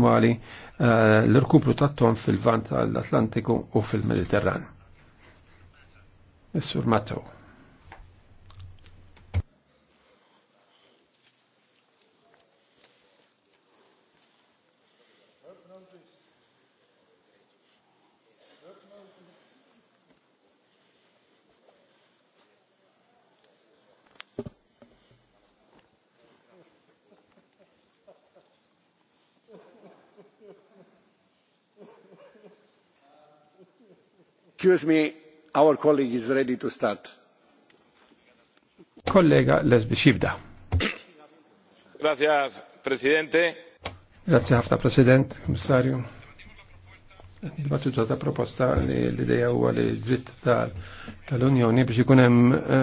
attwali eh, l-rkupru tat-tom fil-vant għall-Atlantiku u fil-Mediterran. Is-Sur Matto. Excuse me, our colleague is ready to start. Kollega Lesbi Grazie, Presidente. Grazie ħafna, President, Komissarju. Dibattuta ta' proposta li l-ideja huwa li dritt tal-Unjoni biex ikun hemm eh,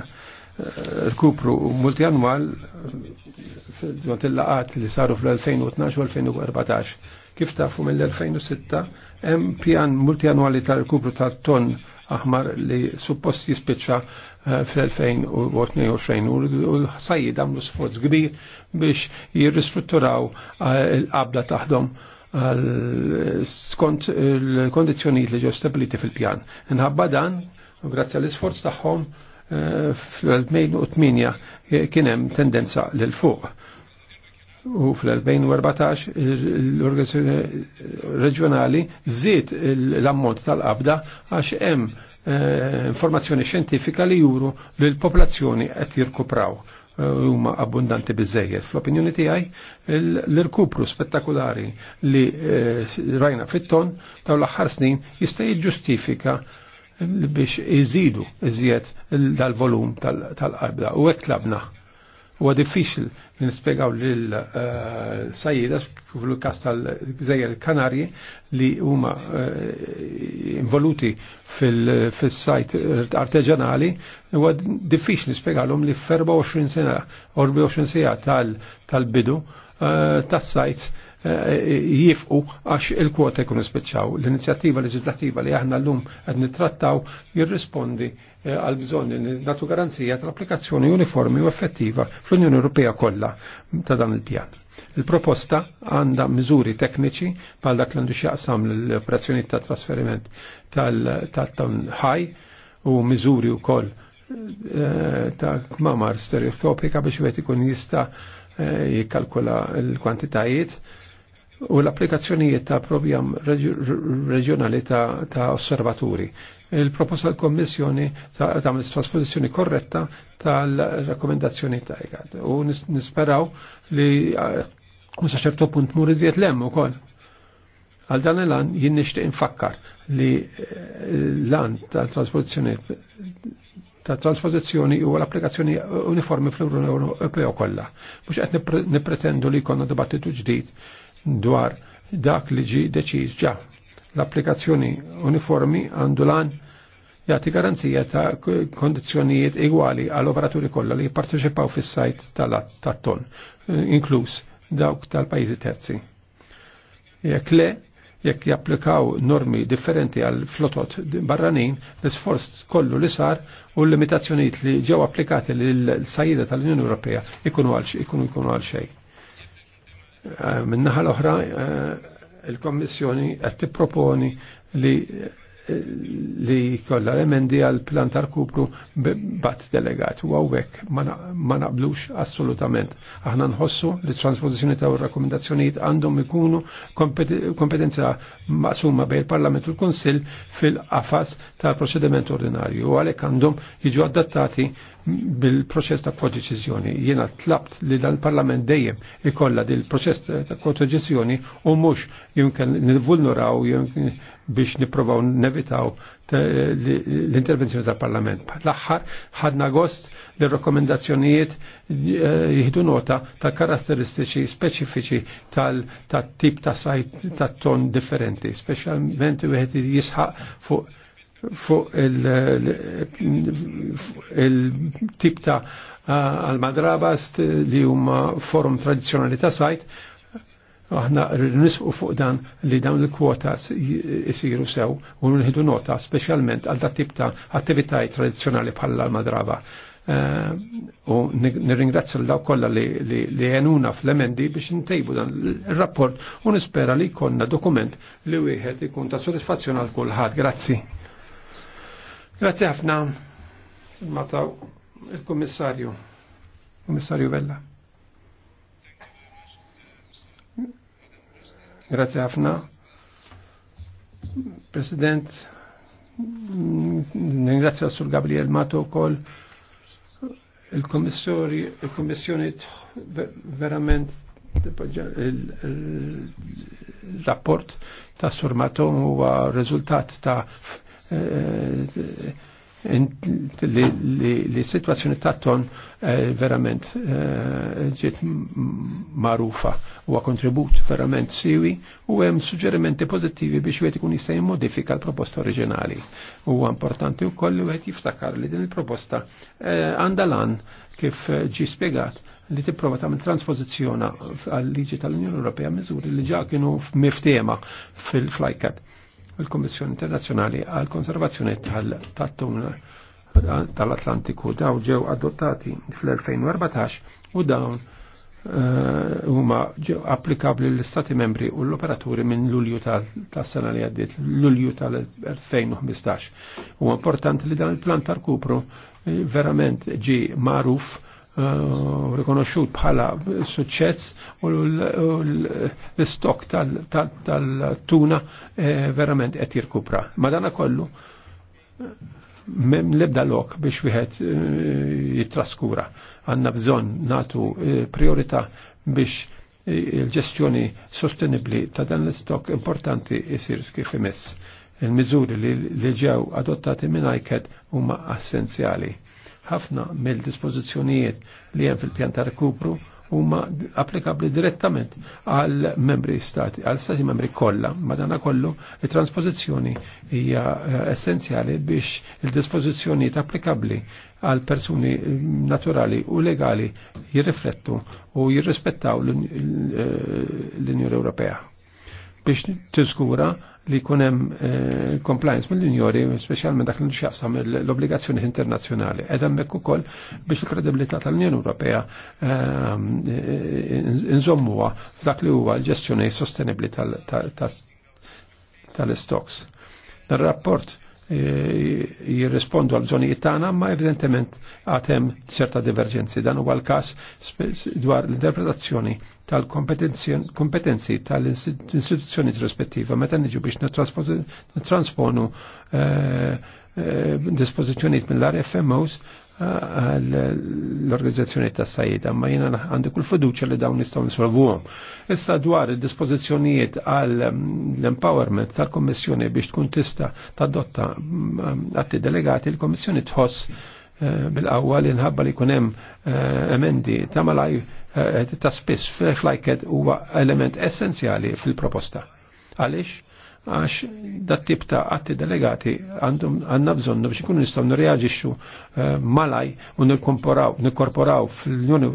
eh, rkupru multianwal fil-laqat li saru fl-2012 u 2014 Kif tafu mill-2006 hemm pjan multianwali ta' rekubru ta' tonn aħmar li suppost jispiċċa eh, fl-2022 u l-sajjid għamlu sforz kbir biex jirristrutturaw eh, l-qabda taħdom skont il-kondizjonijiet li ġew stabiliti fil-pjan. Inħabba dan, grazzi għall-isforz tagħhom eh, fl-2008 kien hemm tendenza lil fuq u fl-2014 l-organizzazzjoni reġjonali żied l-ammont tal-qabda għax hemm eh, informazzjoni xjentifika li juru li l-popolazzjoni qed jirkupraw eh, huma abbundanti biżejjed. Fl-opinjoni tiegħi l-irkupru spettakulari li eh, rajna fit-ton taw l-aħħar snin jista' jiġġustifika biex iżidu iżjed dal-volum tal-qabda u hekk tlabna Huwa diffiċli li nispjegaw lil eh, sajjida fil-każ tal-Gżejjer Kanarji li huma eh, involuti fil-sajt arteġanali huwa diffiċli nispjegalhom li 24 sena 24 sija tal-bidu eh, tas-sajt jifqu għax il-kwota jkunu spiċċaw. L-inizjattiva leġislattiva li aħna l-lum għed nitrattaw jirrispondi eh, għal bżonn li natu garanzija tal-applikazzjoni uniformi u effettiva fl-Unjoni Ewropea kollha ta' dan il-pjan. Il-proposta għandha miżuri tekniċi bħal dak l-għandu xaqsam l-operazzjoni ta' trasferiment tal-ħaj u miżuri wkoll eh, ta' kmamar stereoskopika biex wieħed ikun jista' eh, jikkalkula l-kwantitajiet u l-applikazzjonijiet ta' program reġjonali ta' osservaturi. Il-proposta l-Kommissjoni ta' trasposizjoni korretta tal rekomendazzjoni ta' IGAD. U nisperaw li musa ċertu punt muriziet lemm u Għal dan l-an jinn nishtiq infakkar li eh, l-an tal-trasposizjoni ta' trasposizjoni u l-applikazzjoni uniformi fl-Unjoni Ewropea kollha. Mhux qed nippretendu li jkollna dibattitu ġdid dwar dak li ġi deċiż ġa. L-applikazzjoni uniformi għandu lan jagħti garanzija ta' kondizzjonijiet igwali għal operaturi kollha li jipparteċipaw fis-sajt tal-ton, inkluż dawk tal-pajjiżi terzi. Jekk le, jekk japplikaw normi differenti għal flotot barranin, l-sforz kollu li sar u l-limitazzjonijiet li ġew applikati l-sajida tal-Unjoni Ewropea ikunu għal xejn. Eh, minnaħal l-oħra, eh, il-Kommissjoni qed tipproponi li li l emendi għal plan tar kubru bat delegat u għawek ma naqblux assolutament. Aħna nħossu li transpozizjoni ta' rakkomendazzjonijiet għandhom ikunu kompetenza maqsuma bejn il-Parlament u l-Konsil fil-qafas tal-proċediment ordinarju u għalhekk għandhom jiġu adattati bil-proċess ta' kodeċizjoni. Jiena tlabt li dal-Parlament dejjem ikolla dil-proċess ta' kodeċizjoni u mhux jumken nivulnuraw biex niprovaw nevitaw l-intervenzjoni tal-Parlament. L-aħħar ħadna gost li rekomendazzjonijiet eh, jihdu nota ta' karatteristiċi speċifiċi tal-tip ta' sajt ta' ton differenti, speċjalment wieħed jisħaq fuq fuq il-tip ta' għal-madrabas eh, li huma forum tradizjonali ta' sajt aħna nisqu fuq dan li dawn il-kwotas jisiru sew u nħidu nota specialment għal dat tip ta' attivitaj tradizjonali bħal madraba eh, u nirringrazzja l-daw kolla li jenuna fl-emendi biex ntejbu dan il-rapport u nispera li konna dokument li wieħed ikun ta' soddisfazzjon għal kulħadd. Grazzi. Grazzi ħafna. il-Kommissarju. Kommissarju Vella. Grazie ħafna. President, Ringrazio Sur Gabriel Mato kol il-Kommissjoni verament il-rapport ta' Sur Mato huwa rezultat ta' eh, li situazzjoni tatton eh, verament eh, ġiet marufa u kontribut verament siwi u hemm suġġerimenti pozittivi biex wieħed ikun jista' jimmodifika l-proposta oriġinali. Huwa importanti wkoll li wieħed jiftakar li din il-proposta eh, għandha lan kif ġi spjegat li tipprova tagħmel transpożizzjona għal liġi tal-Unjoni Ewropea miżuri li ġa kienu miftema fil-flajkat il-Kommissjoni Internazzjonali għal konservazzjoni tal-tuna tal-Atlantiku daw ġew adottati fl-2014 u dawn eh, huma uh, applikabli l-Stati membri u l-operaturi minn Lulju tas-sena li għaddiet, l-ulju tal-2015. U importanti li dan il-plan tal-kupru eh, verament ġi maruf Eh, rikonoxxut bħala suċċess u l-istok tal-tuna eh, verament qed jirkupra. Madana kollu l-ebda lok biex wieħed eh, jittraskura. Għandna bżonn natu priorità biex il-ġestjoni sostenibli ta' dan l-istok importanti jisir kif imess. Il-miżuri li ġew adottati minn ICAT huma essenzjali ħafna mill-dispożizzjonijiet li hemm fil-pjan ta' rekupru huma applikabli direttament għal membri stati, għal stati membri kollha. Madana kollu it-transpożizzjoni hija eh, essenzjali biex il-dispożizzjonijiet applikabli għal persuni eh, naturali u legali jirriflettu u jirrispettaw eh, l-Unjoni Ewropea biex tiżgura li kunem eh, compliance mill-Unjoni, specialment dak li nxafsam l-obbligazzjoni internazzjonali. Ed mekku ukoll biex il-kredibilità tal-Unjoni Ewropea eh, eh, nżommuha f'dak li huwa l-ġestjoni sostenibbli tal-stocks. Tal-rapport Eh, jirrispondu għal bżonijiet tagħna, ma evidentement għatem ċerta diverġenzi. Dan huwa l-każ dwar l-interpretazzjoni tal-kompetenzi tal-istituzzjoni rispettiva meta niġu biex nittrasponu eh, eh, dispożizzjonijiet mill-RFMOs l-organizzazzjoni ta' sajjida, ma jena għandi kull fiduċa li dawn nistaw nisolvuhom. Issa dwar il-dispożizzjonijiet għal mm, l-empowerment tal-Kommissjoni biex tkun tista' tadotta għatti mm, delegati, il komissjoni tħoss eh, bil-qawwa li nħabba li kunem eh, emendi ta' malaj eh, ta' spiss fil-flajked huwa element essenzjali fil-proposta. Għaliex? għax dat-tip ta' atti delegati għandhom għandna bżonnu biex ikunu nistgħu nirreaġixxu eh, malaj u nikkorporaw nikkorporaw fil-Unjoni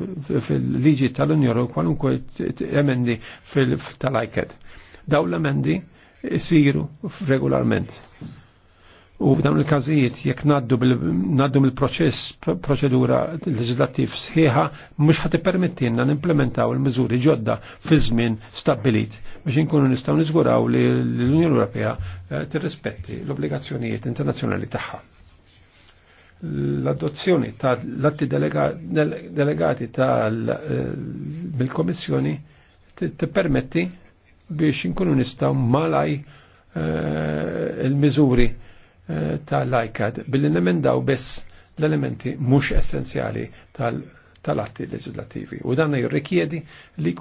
fil-liġi tal-Unjoni kwalunkwe emendi tal ajket Daw l-emendi isiru regolarment. U f'dawn il-każijiet jekk ngħaddu mill-proċess proċedura leġislattiv sħiħa mhux ħad ippermettilna nimplementaw il-miżuri ġodda fi żmien stabbilit biex inkunu nistgħu niżguraw li l-Unjoni Ewropea eh, tirrispetti l-obbligazzjonijiet internazzjonali tagħha. L-adozzjoni ta' l-atti delegati tal-Komissjoni eh, tippermetti biex inkunu nistgħu malaj eh, il-miżuri tal lajkad billi nemendaw biss l-elementi mhux essenzjali tal-atti leġislativi. U danna jirrikjedi li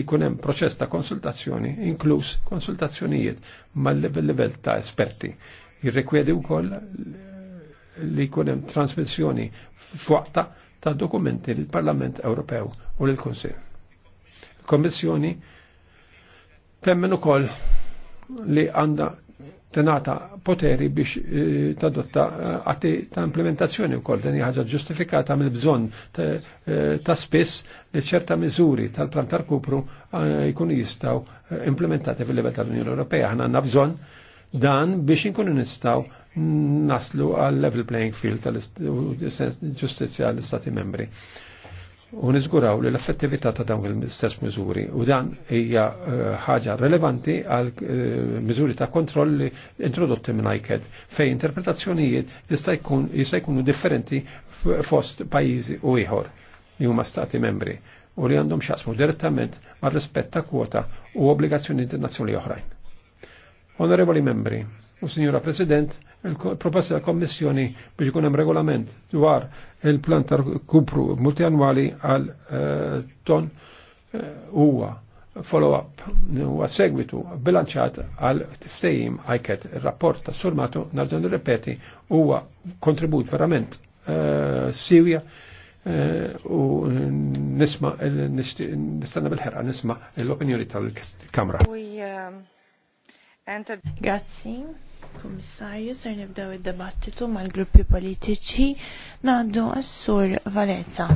jkun hemm proċess ta' konsultazzjoni, inkluż konsultazzjonijiet mal-livell ta' esperti. Jirrikjedi wkoll li jkun hemm transmissjoni f'waqta ta' dokumenti lill parlament Ewropew u lill kunsill Il-Kommissjoni temmen ukoll li għandha tenata poteri biex eh, tadotta għati eh, ta' implementazzjoni u koll din ħaġa ġustifikata mill bżon eh, ta' spiss li ċerta miżuri tal plantar kupru jkunu jistaw implementati fil-level tal-Unjoni Ewropea. Ħna għandna bżon dan biex inkunu nistaw naslu għal level playing field tal-ġustizja l-Stati membri u niżguraw li l-effettività ta' dawn il-stess miżuri u dan hija eh, ħaġa relevanti għal eh, miżuri ta' kontroll li introdotti minn ICAD fej interpretazzjonijiet jista' jkunu differenti fost pajjiżi u ieħor li huma stati membri u li għandhom xasmu direttament ma' rispett ta' kwota u obbligazzjoni internazzjonali oħrajn. Onorevoli membri, U Sinjura President, il-proposta tal kommissjoni biex ikun hemm regolament dwar il-plan ta' kupru multianwali għal eh, ton eh, huwa follow-up huwa segwitu bilanċat għal ftejim għajket il-rapport ta' surmatu narġan ripeti huwa kontribut verament eh, siwja u nisma nistanna bil ħerra nisma l-opinjoni tal-Kamra. Um, Grazie. Kummissarju, ser nibdew id-debattitu mal-gruppi politiċi ngħaddu għas-sur Valenza.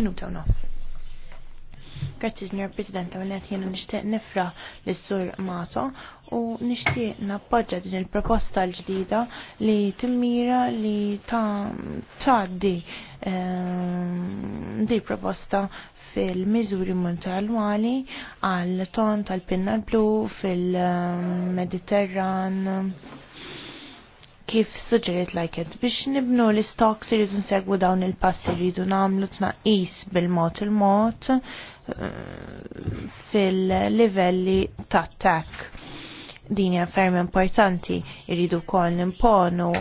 Minuta u nofs. Grazzi, Signor President, għanet jena nishtiq nifra l-sur Mato u nishtiq nappoġġa din il-proposta l-ġdida li timmira li ta' tgħaddi ehm, di proposta fil-miżuri multianwali għal ton tal-pinna blu fil-Mediterran kif suġġeriet lajket biex nibnu l-istoks irridu nsegwu dawn il-passi irridu namlu tnaqis bil-mod il-mod eh, fil-livelli ta' tak. Din hija importanti irridu kol nimponu uh,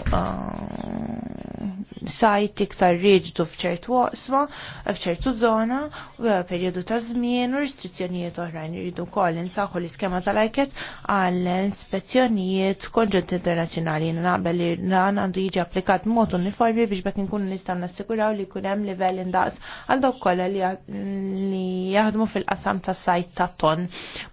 sajt iktar riġdu fċertu waqsma, fċertu zona, u periodu ta' żmien u restrizzjonijiet oħrajn jridu wkoll insaħħu l-iskema tal-ajket għall inspezzjonijiet konġunt internazzjonali naqbel li dan għandu jiġi applikat mod uniformi biex bekk inkunu nistgħu nassikuraw li jkun hemm livell indaqs għal dawk kollha li jaħdmu fil-qasam tas-sajt tat-ton.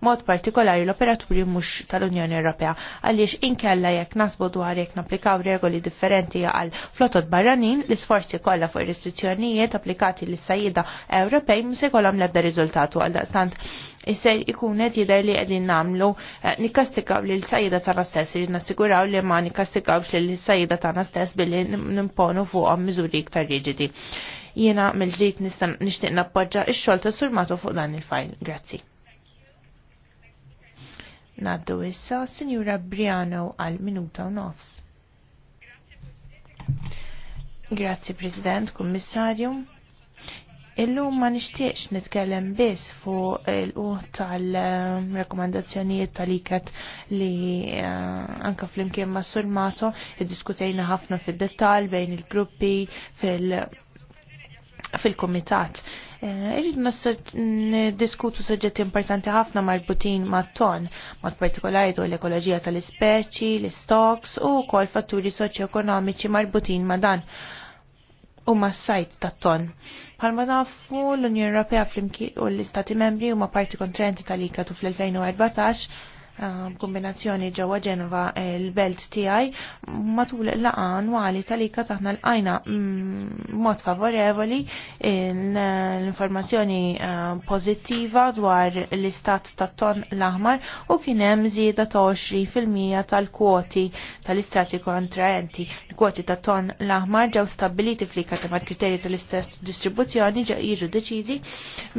Mod partikolari l-operaturi mhux tal-Unjoni Ewropea għaliex inkella jekk nasbu dwar jekk napplikaw regoli differenti għal flotot barranin ġranin l-isforzi kollha fuq ir-restrizzjonijiet applikati lis sajjida Ewropej mhux se jkollhom l-ebda riżultatu għal daqstant isser ikun qed jidher li qegħdin nagħmlu eh, nikkastigaw lil sajda tagħna stess irid nassiguraw li ma nikkastigawx lil is-sajda tagħna stess billi nimponu fuqhom miżuri iktar riġidi. Jiena mill-ġdid nixtieq nappoġġa x-xogħol tas surmatu fuq dan il-fajl. Grazzi. Naddu issa, Sinjura Briano għal minuta u nofs. Grazzi President, Kummissarju. Illum ma nixtieqx nitkellem biss fuq il-quħ tal-rekomandazzjonijiet tal-iket li eh, anka fl-imkien ma' Surmato iddiskutejna ħafna fil-dettal bejn il-gruppi fil- dettal bejn il gruppi fil komitat eh, Irrid diskutu soġġetti importanti ħafna marbutin ma' ton, mod partikolari dwar l-ekoloġija tal-ispeċi, l stoks u kol fatturi soċjoekonomiċi marbutin ma' dan huma s-sajt ta' ton ma nafu l-Unjoni Ewropea u l-Istati Membri huma parti kontrenti tal-ikatu fl-2014 Um, kombinazzjoni ġewwa Ġenva l-belt tiegħi matul laqa annwali tal-ika taħna l ajna mm, mod favorevoli l-informazzjoni um, pożittiva dwar l-istat ta' ton l-aħmar u kien hemm żieda ta' 20% tal-kwoti tal-istati kontraenti. l kwoti ta' ton l-aħmar ġew stabbiliti flika ta' ta' kriterji tal-istat distribuzzjoni ġew jiġu deċidi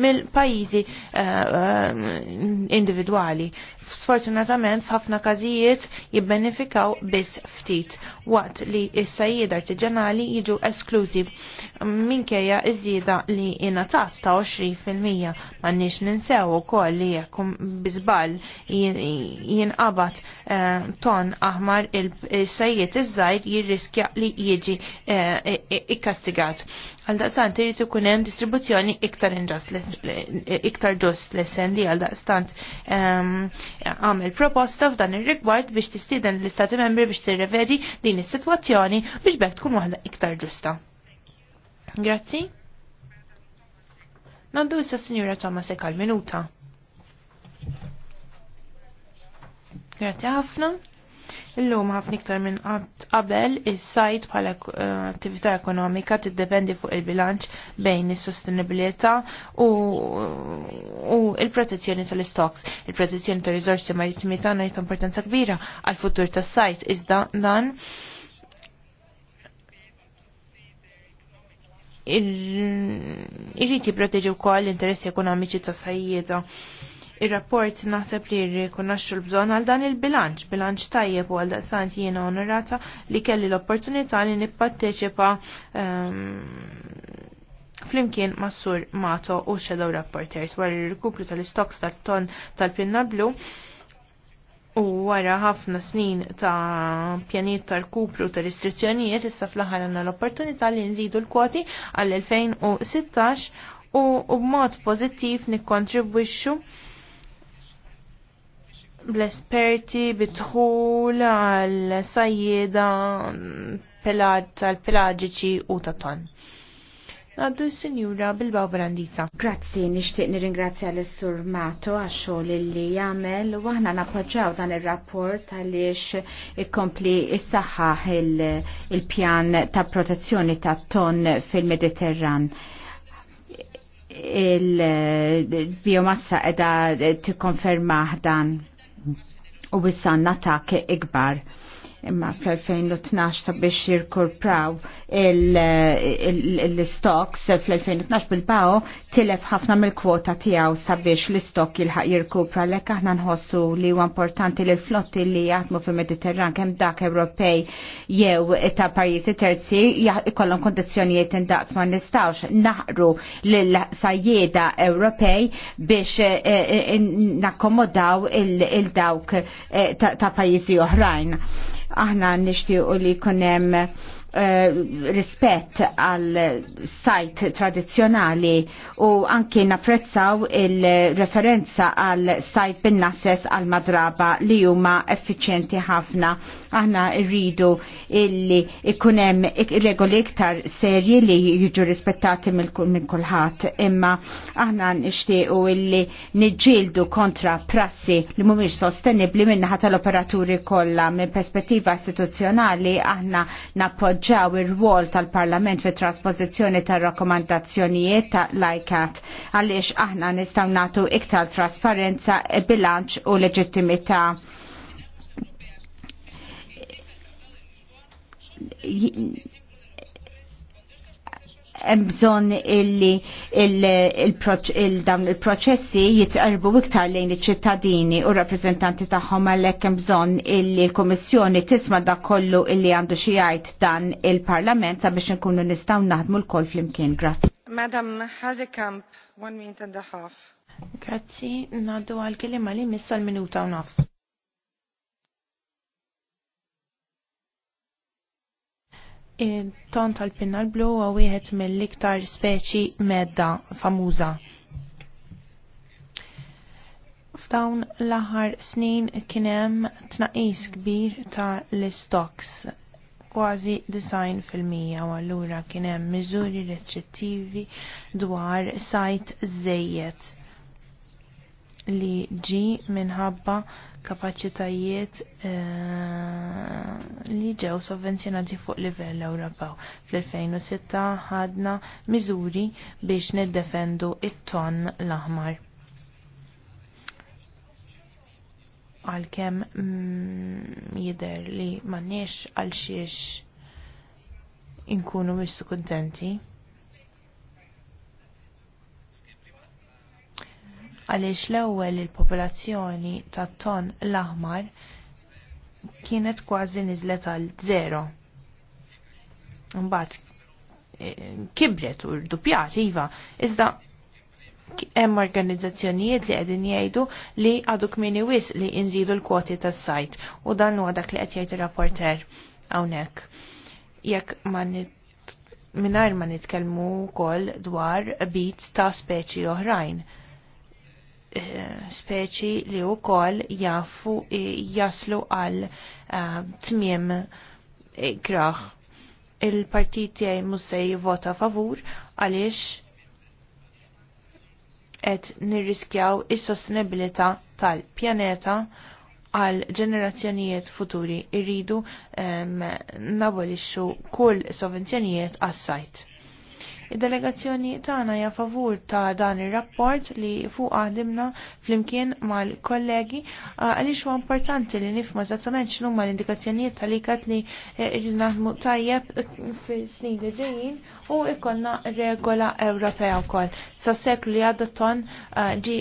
mill-pajjiżi uh, uh, individwali. Sfortunatamente fortunatament f'ħafna każijiet jibbenefikaw biss ftit waqt li s-sajjieda artiġanali jiġu esklużi minkejja iż-żieda li ingħatat ta' 20%. M'għandniex ninsew ukoll li jekk biżball jinqabad eh, ton aħmar il-sajjiet iż-żgħir jirriskja li jiġi eh, ikkastigat. Għaldaqstant irid ikun hemm distribuzzjoni iktar iktar ġust l għal għaldaqstant ehm, għamel proposta f'dan ir-rigward biex tistieden l-Istati Membri biex tirrevedi din is-sitwazzjoni biex bekk tkun waħda iktar ġusta. Grazzi. Nandu issa Sinjura Thomas Ekal minuta. Grazzi ħafna. Illum ħafna iktar minn qabel is-sajt bħala eh, attività ekonomika tiddependi fuq il-bilanċ bejn is-sostenibilità u, il-protezzjoni tal-istoks. Il-protezzjoni tal-riżorsi marittimi tagħna jta' importanza kbira għal futur tas-sajt iżda dan irrid jipproteġi wkoll l-interessi ekonomiċi tas-sajjieda. Ir-rapport naħseb li rikonnaxxu l-bżonn għal dan il-bilanċ, bilanċ tajjeb u għal daqsant jiena onorata li kelli l-opportunità li nipparteċipa ehm, flimkien massur sur Mato u Shadow Rapporters wara l-rikupru tal-istoks tal-ton tal-pinna blu u wara ħafna snin ta' pjaniet ta' kupru ta' restrizzjonijiet issa fl-aħħar għandna l-opportunità li nżidu l-kwoti għall-2016 u b'mod pożittiv nikkontribwixxu bl-esperti bitħul għal sajjeda tal pelagġiċi u ta' ton. Għaddu s senjura Bilbao Brandita. Grazzi, nishtiq nir-ingrazzja l-Sur Mato għaxol li jamel u għahna napoġġaw dan il-rapport għaliex ikkompli s-saħħaħ il-pjan ta' protezzjoni ta' ton fil-Mediterran il-biomassa edha t konfermaħ dan u wissan natak ikbar imma fl-2012 sabiex jirkurpraw l-stocks fl-2012 bil-baw tilef ħafna mill-kwota tijaw sabiex l-stock jilħaq jirkupra l aħna nħossu li huwa importanti li l-flotti li jatmu fil-Mediterran kem dak Ewropej jew ta' pajjiżi terzi ikollhom kondizzjonijiet indaqs ma nistawx naħru l-sajjeda Ewropej biex e, e, e, nakkomodaw il-dawk ta' pajjiżi oħrajn. Aħna nixtiequ li kunem eh, rispett għal sajt tradizjonali u anki napprezzaw il-referenza għal sajt bin-nasses għal madraba li huma effiċjenti ħafna Aħna rridu illi ikunem regoli iktar serji li jiġu rispettati minn kulħadd, imma aħna nixtiequ illi niġġieldu kontra prassi li mhumiex sostenibbli minnaħa tal-operaturi kollha minn perspettiva istituzzjonali aħna nappoġġaw ir wol tal-Parlament fit trasposizzjoni tar-rakkomandazzjonijiet ta' lajkat għaliex aħna nistgħu nagħtu iktar trasparenza, bilanċ u leġittimità bżon illi il-dawn il-proċessi jitqarbu iktar lejn iċ-ċittadini u rappreżentanti tagħhom għalhekk hemm bżonn illi l-Kummissjoni tisma' dak kollu illi għandu xi jgħid dan il-Parlament sabiex inkunu nistgħu naħdmu l-kol flimkien. Grazzi. Madam Hazekamp, one minute and a half. Grazzi, ngħaddu għal-kelima li missa l-minuta u nofs. Il-ton tal pinnal blu huwa wieħed mill-iktar speċi medda famuża f'dawn l-aħħar snin kien hemm tnaqqis kbir ta' l-istoks kważi design fil-mija u allura kien hemm miżuri reċettivi dwar sajt żejjed li ġi minħabba kapaċitajiet eh, li ġew sovvenzjonati fuq livell Ewropew. Fl-2006 ħadna miżuri biex niddefendu it-ton l-aħmar. Għalkemm mm, jidher li m'għandniex għal xiex inkunu mhux kuntenti. għaliex l-ewwel il-popolazzjoni tat-ton l-aħmar kienet kważi niżlet għal zero. Mbagħad e, kibret u rdupjat iva, iżda hemm organizzazzjonijiet li qegħdin jgħidu li għadu kmini wis li inżidu l-kwoti tas-sajt u dan huwa dak li qed jgħid ir-rapporter hawnhekk. Jekk ma mingħajr ma nitkellmu wkoll dwar bit ta' speċi oħrajn. Eh, speċi li u koll jaffu eh, jaslu għal eh, tmiem kraħ. Il-partiti għaj mussej vota favur għalix et nirriskjaw is-sostenibilità tal-pjaneta għal ġenerazzjonijiet futuri irridu um, nabolixxu kull sovvenzjonijiet għas-sajt. Id-delegazzjoni tagħna hija favur ta' dan ir-rapport li fuq għadimna flimkien mal-kollegi għaliex huwa importanti li nifhmu eżattament x'numa l-indikazzjonijiet tal-ikat li e, rridu naħdmu tajjeb e, fis-snin li ġejjin u jkollna regola Ewropea wkoll. Sa seklu li għadda ton ġi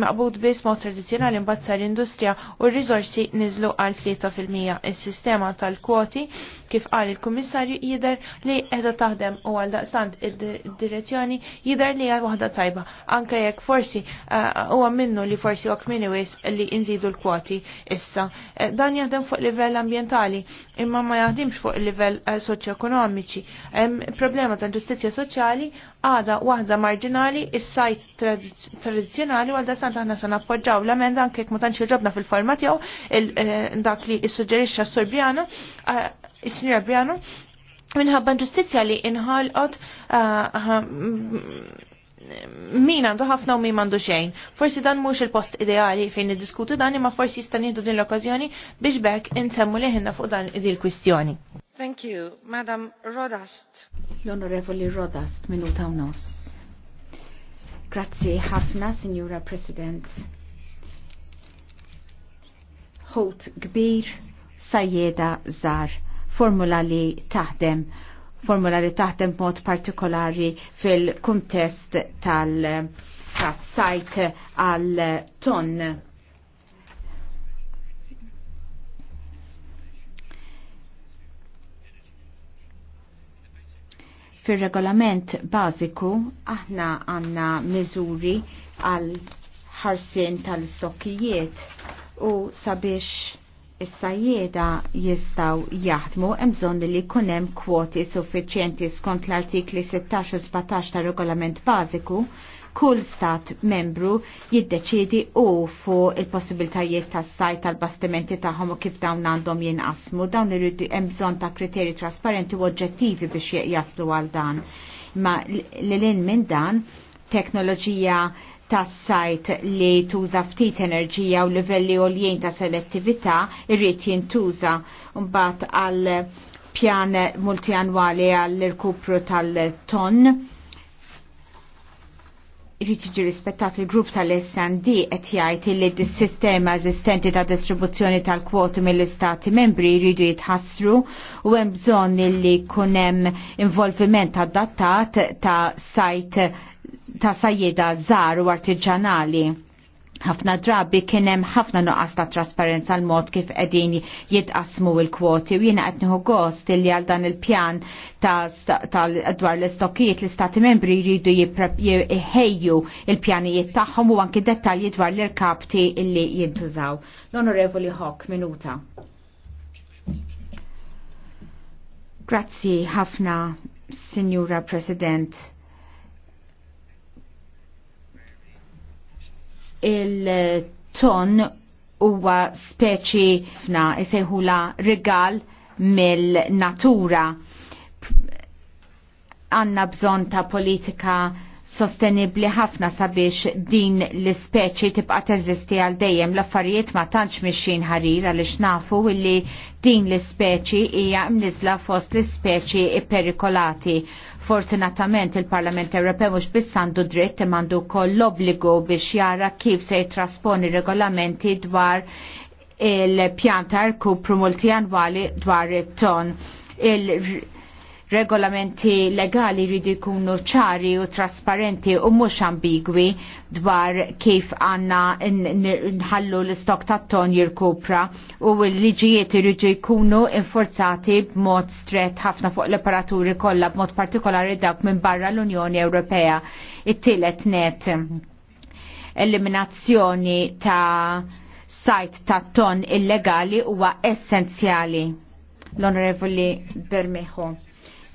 maqbud biss mod tradizzjonali mbagħad sar industrija u r-riżorsi niżlu għal 3%. Is-sistema tal-kwoti kif qal il-Kummissarju jidher li qiegħda taħdem u għal daqstant il direzzjoni jidher li għal waħda tajba. Anke jekk forsi eh, huwa minnu li forsi wak minni wis li inżidu l-kwoti issa. Eh, dan jaħdem fuq livell ambjentali imma ma jaħdimx fuq livell eh, soċjoekonomiċi. Problema ta' ġustizzja soċjali għada waħda marġinali is-sajt tradizzjonali għal da sant aħna se nappoġġaw l-amenda anke jekk ma tantx ġobna fil-format jew dak li s-suġġerixxa s-Sorbjano, s sinjor Bjano, minħabba ġustizja li inħalqot uh, uh, min għandu ħafna u min għandu xejn. Forsi dan mhux il-post ideali fejn niddiskutu dan imma forsi jista' din l-okkażjoni biex bekk insemmu liħinna fuq dan il kwistjoni. Thank you, Madam Rodast. L-Onorevoli Rodast, minuta u nofs. Grazzi ħafna, Signora President. Hot kbir, sajjeda zar formula li taħdem formula li taħdem mod partikolari fil-kuntest tal-sajt għal ton. Fil-regolament bażiku aħna għanna miżuri għal ħarsin tal-istokkijiet u sabiex is-sajjeda jistaw jaħdmu imżon li kunem kwoti suffiċjenti skont l-artikli 16 u 17 ta' regolament bażiku, kull stat membru jiddeċidi u fu il-possibiltajiet tas sajt tal-bastimenti tagħhom u kif dawn għandhom jinqasmu, dawn irridu hemm bżonn ta' kriterji trasparenti u oġġettivi biex jaslu għal dan. Ma l-lin minn dan teknoloġija tas sajt li tuża ftit enerġija u livelli oljien ta' selettività irrid jintuża mbagħad għal pjan multianwali għall irkupru tal-ton. Irrid jiġi rispettat il-grupp tal-SND qed jgħid li d-sistema eżistenti ta' distribuzzjoni tal-kwoti mill-istati membri jridu jitħassru u hemm bżonn li jkun hemm involviment adattat ta' sajt ta' sajjeda zar u artiġanali ħafna drabi kien hemm ħafna nuqqas ta' trasparenza l mod kif qegħdin jitqasmu l-kwoti u jiena qed nieħu gost li għal dan il-pjan ta', dwar l-istokkijiet l-istati membri jridu jħejju il-pjanijiet tagħhom u anki dettalji dwar l-irkabti illi jintużaw. L-Onorevoli Hawk, minuta. Grazzi ħafna, Signora President il-ton huwa speċi fna jsejħula rigal mill-natura. Għanna bżon ta' politika sostenibli ħafna sabiex din l-ispeċi tibqa teżisti għal dejjem l-affarijiet ma tantx mixin ħarir għaliex nafu illi din l-ispeċi hija mniżla fost l-ispeċi perikolati. Fortunatament il-Parlament Ewropew mhux biss għandu dritt għandu wkoll l-obbligu biex jara kif se jitrasponi regolamenti dwar il-pjantar kupru multijanwali dwar it-ton regolamenti legali jridu jkunu ċari u trasparenti u mhux ambigwi dwar kif għanna nħallu l-istok ta' ton jirkupra u l-liġijiet jridu jkunu infurzati b'mod stret ħafna fuq l-operaturi kollha b'mod partikolari dawk minn barra l-Unjoni Ewropea. It-tielet net eliminazzjoni ta' sajt ta' ton illegali huwa essenzjali l-Onorevoli Bermejo.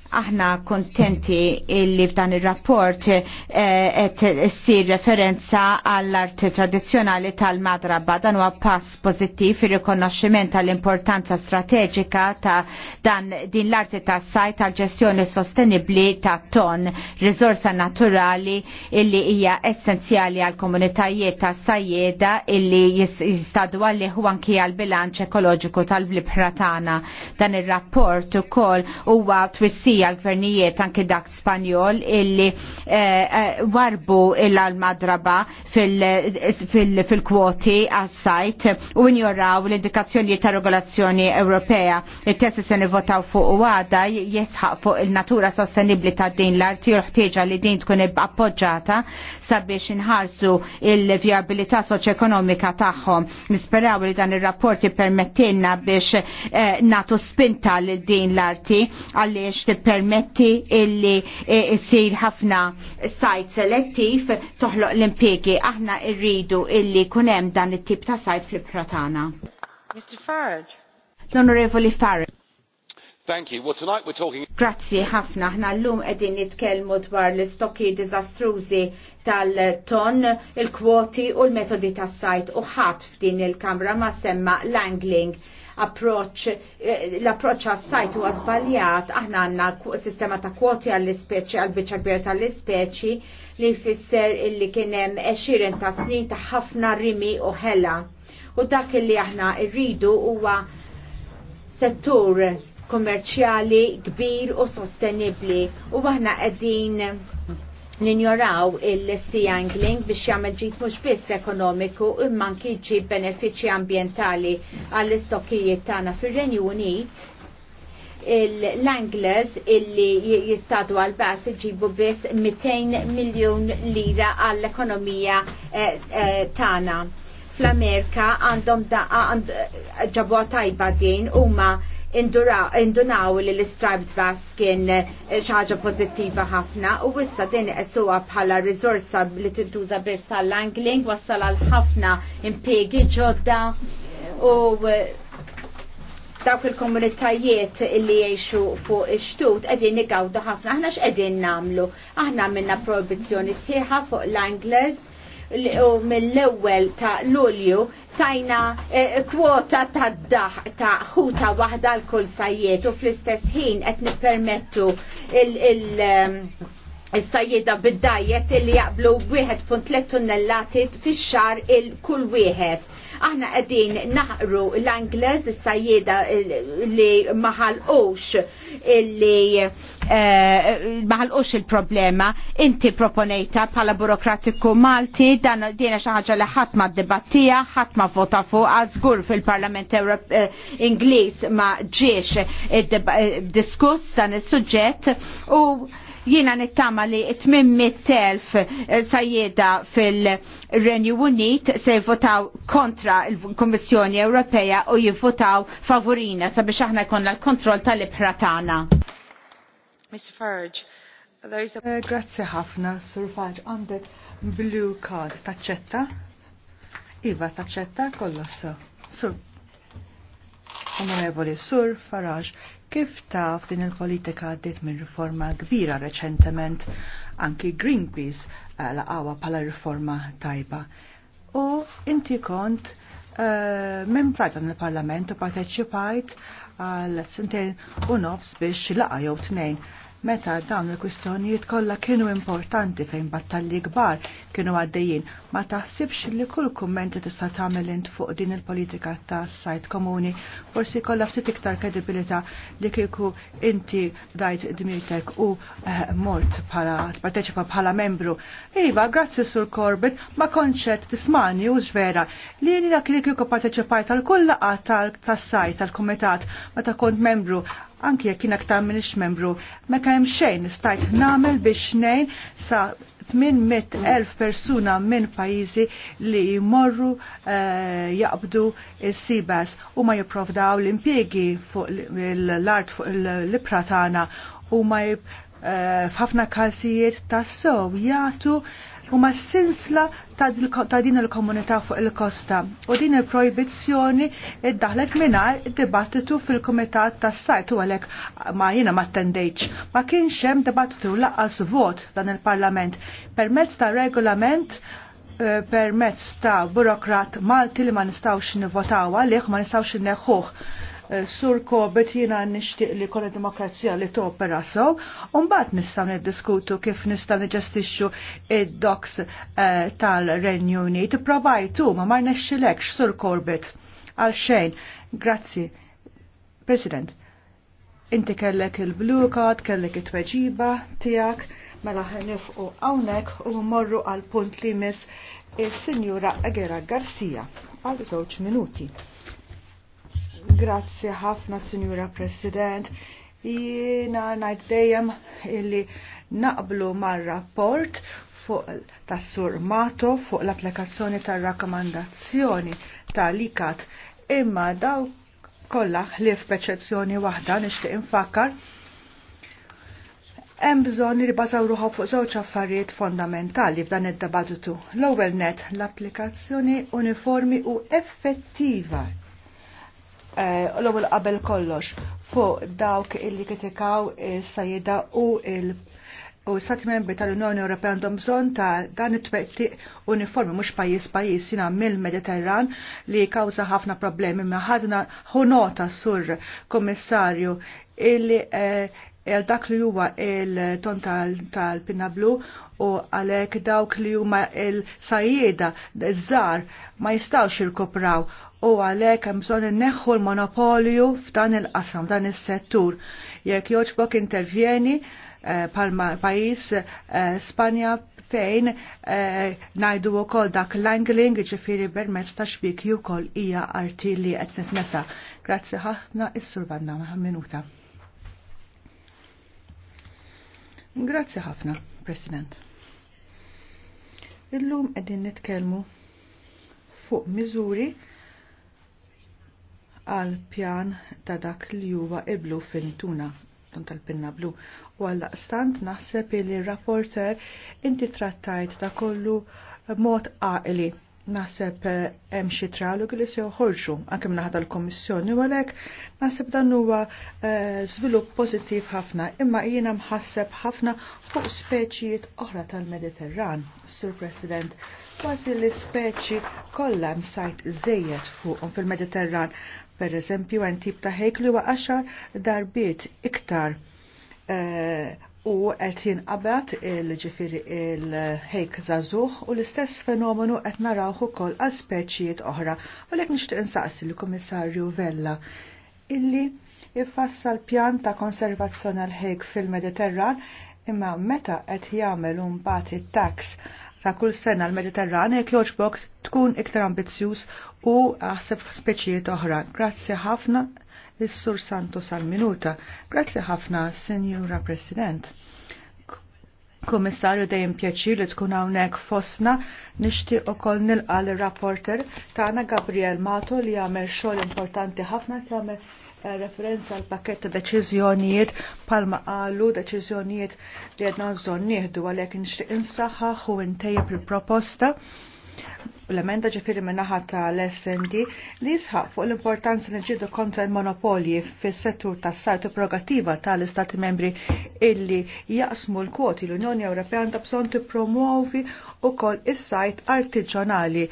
Aħna kontenti illi f'dan il-rapport eh, et issir referenza għall-art tradizzjonali tal-madraba dan huwa pass pozittiv fir rikonoxximent tal-importanza strateġika ta' dan din l-arti tas sajt tal-ġestjoni sostenibbli ta' ton, riżorsa naturali illi hija essenzjali għal komunitajiet ta' sajjeda illi jistadu għalli anki għal bilanċ ekoloġiku tal-blibħra tagħna. Dan ir-rapport ukoll huwa twissir l l-Gvernijiet anke dak Spanjol illi eh, eh, warbu il-almadraba fil-kwoti għas-sajt u injoraw l-indikazzjoni ta' regolazzjoni Ewropea. il tessi se nivotaw fuq u għada jesħaq fuq il-natura sostenibli ta' din l-arti u ħtieġa li din tkun appoġġata sabiex inħarsu il-vjabilità soċ-ekonomika tagħhom. Nisperaw li dan ir-rapport jippermettilna biex eh, natu spinta l din l-arti għaliex permetti illi e, sir ħafna sajt selettiv toħloq l-impiegi. Aħna rridu illi kunem dan it-tip ta' sajt fl-pratana. Mr. Farage. L-Onorevoli Farage. Thank you. Well, tonight we're talking... Grazie ħafna. Ħna l-lum edin nitkelmu dwar l-istokki dizastruzi tal-ton, il-kwoti u l-metodi tas-sajt u ħadd f'din il-kamra ma semma l-angling approach, eh, l approach għas-sajt u għazbaljat, aħna għanna sistema ta' kwoti għall-ispeċi, għall-bicċa kbir tal-ispeċi, li fisser illi kienem eċirin ta' snin ta' ħafna rimi u ħela. U dak li aħna irridu huwa settur kommerċjali kbir u sostenibli u aħna qegħdin ninjoraw il-sea angling biex jagħmel ġid mhux biss ekonomiku imma anki benefiċċji ambjentali għall-istokkijiet tagħna fir-Renju Unit l-Anglers illi jistadu għal bas iġibu biss 200 miljon lira għall-ekonomija eh, eh, tana. Fl-Amerika għandhom ġabu tajba din huma indunaw li l-Striped Bass kien eh, xaġa pozittiva ħafna u wissa din suwa bħala rizorsa li tintuża biss għall-angling wassal għal ħafna impiegi ġodda u eh, dawk il-komunitajiet li jiexu fuq ix-xtut qegħdin igawdu ħafna aħna x'qegħdin nagħmlu. Aħna minna proibizzjoni sħiħa fuq l-Angles mill-ewwel ta' Lulju tajna eh, kwota ta' daħ ta' ħuta waħda l-kull sajjiet u fl-istess ħin qed nippermettu il- ehm, Is-sajjida bid-dajet li jaqblu 1.3 tunnellati fix-xar il-kull wieħed. Aħna qegħdin naqru l angliż is-sajjida eh, li maħalqux li eh, maħalqux il-problema. Inti proponejta bħala burokratiku Malti dan dina xi ħaġa li ħadd ma debattija ħadd ma vota fuqha żgur fil-Parlament eh, Ingliż ma ġiex diskuss dan is-suġġett u Jiena nittama li 800.000 eh, sajjeda fil-Renju Unit se jivvotaw kontra il-Kommissjoni Ewropea u jivvotaw favorina sabiex aħna jkollna l kontrol tal-ibħra tagħna. Mr. Farage, there is a... Eh, Grazie ħafna, Sur Farage. Għandek blue card, taċċetta? Iva, taċċetta kollox. Sur Onorevoli Sur Farage, kif taf din il-politika għaddit minn riforma kbira reċentement, anki Greenpeace għawa eh, pala riforma tajba. U inti kont uh, eh, mem tajta nil-parlament u parteċipajt għal sentejn u nofs biex laqa jew tnejn meta dawn il-kwistjonijiet kollha kienu importanti fejn battalli kbar kienu għaddejjin, ma taħsibx li kull kumment li tista' tagħmel int fuq din il-politika ta' sajt komuni forsi kollha ftit iktar kredibilità li kieku inti dajt dmirtek u eh, mort bħala tparteċipa bħala membru. Iva, grazzi sur Corbett, ma konċet tismani u ġvera li jien dak kieku parteċipajt tal-kull laqgħa tas-sajt tal-kumitat meta kont membru anki jekk kienek ta' minix membru, ma kemm xejn stajt namel biex nejn sa 800.000 persuna minn pajizi li jmorru uh, jaqbdu s-sibas u ma jiprofdaw l-impiegi fuq l-art fuq l-pratana u ma eh, f'ħafna każijiet tassew jagħtu huma sinsla ta' din il-komunità fuq il-kosta u din il-projbizzjoni iddaħlet mingħajr dibattitu fil-Kumitat tas sajtu u għalhekk ma jiena ma tendejċ. Ma kienx hemm dibattitu laqas vot dan il-Parlament permezz ta' regolament eh, permezz ta' burokrat Malti li ma nistawx nivvotaw għalih ma nistawx neħħuh Sur Kobet jina nishtiq li kolla demokrazija li topera un bat nistaw niddiskutu kif nistaw nġestixxu id-doks eh, tal-Renju Unit. Provajtu ma mar nexxilekx Sur Corbett għal xejn. Grazzi. President, inti kellek il-blue card, kellek it-tweġiba tijak, mela ħanifqu għawnek u morru għal punt li mis il-Sinjura Agera Garcia għal żewġ minuti. Grazzi ħafna, Sinjura President. Jina najt dejjem illi naqblu mar-rapport fuq tas-sur Mato fuq l-applikazzjoni tar-rakkomandazzjoni tal-ikat imma daw kollha ħlief f'eċezzjoni waħda nixtieq infakkar hemm bżonn li bażaw ruħu fuq żewġ affarijiet fondamentali f'dan id-dabatutu. L-ewwel net l-applikazzjoni uniformi u effettiva Eh, l-ewwel qabel kollox fuq dawk illi kritikaw il sajida u il- u s-sati membri tal-Unjoni Ewropea għandhom bżonn ta' dan it-twettiq uniformi mhux pajjiż pajjiż sina mill-Mediterran li kawża ħafna problemi ma ħadna ħu nota sur Kommissarju illi eh, għal dak li huwa il-ton tal-pinna blu u għalhekk dawk li huma il-sajjieda, iż-żar ma jistgħux jirkopraw u għalhekk hemm bżonn inneħħu l-monopolju f'dan il-qasam dan is-settur. Jekk jogħġbok intervjeni eh, pajjiż pajis eh, Spanja fejn eh, najdu u kol dak l-angling ġifiri bermezz ta' xbik ju kol ija arti li qed nitnesa. Grazzi ħafna is-sur ma' minuta. Grazzi ħafna, President. Illum qegħdin nitkellmu fuq miżuri għal pjan ta' dak li huwa iblu fintuna tun tal-pinna blu. U għallaqstant stant naħseb li rapporter inti trattajt ta' kollu mod għaqli. Naħseb eh, hemm xi trialog li se joħorġu anke naħda l-Kommissjoni u għalhekk naħseb dan huwa eh, żvilupp pożittiv ħafna imma jiena mħasseb ħafna fuq speċijiet oħra tal-Mediterran, Sur President kważi l-ispeċi kollha msajt żejjed fuqhom fil-Mediterran Per eżempju, għan tip ta' ħejk li huwa 10 darbiet iktar e, u qed jinqabad il ġifiri il-ħejk żagħżugħ u l-istess fenomenu qed narawh ukoll għal speċijiet oħra. Għalhekk nixtieq insaqsi l-Kummissarju Vella illi jfassal pjan ta' konservazzjoni għal ħejk fil-Mediterran imma meta qed jagħmel un it taks ta' kull sena l-Mediterran jekk joġbok tkun iktar ambizzjuż u aħseb speċijiet oħra. Grazzi ħafna is-Sur Santos Salminuta. minuta. Grazzi ħafna, Signora President. Komissarju dejjem pjaċir li tkun hawnhekk fosna nixtieq ukoll nilqa' l-rapporter tagħna Gabriel Mato li għamel xogħol importanti ħafna tagħmel referenza għal pakket ta' deċiżjonijiet palma qalu deċiżjonijiet li għedna għazzon nieħdu għalhekk nixtieq insaħħa u ntejjeb il-proposta l-emenda ġifiri minnaħa tal-SND li jisħaq fuq l-importanza li ġidu kontra l-monopolji fis settur tas sajtu prerogativa tal-Istati membri illi jaqsmu l-kwoti l-Unjoni Ewropea għandha bżonn u kol is-sajt artiġjonali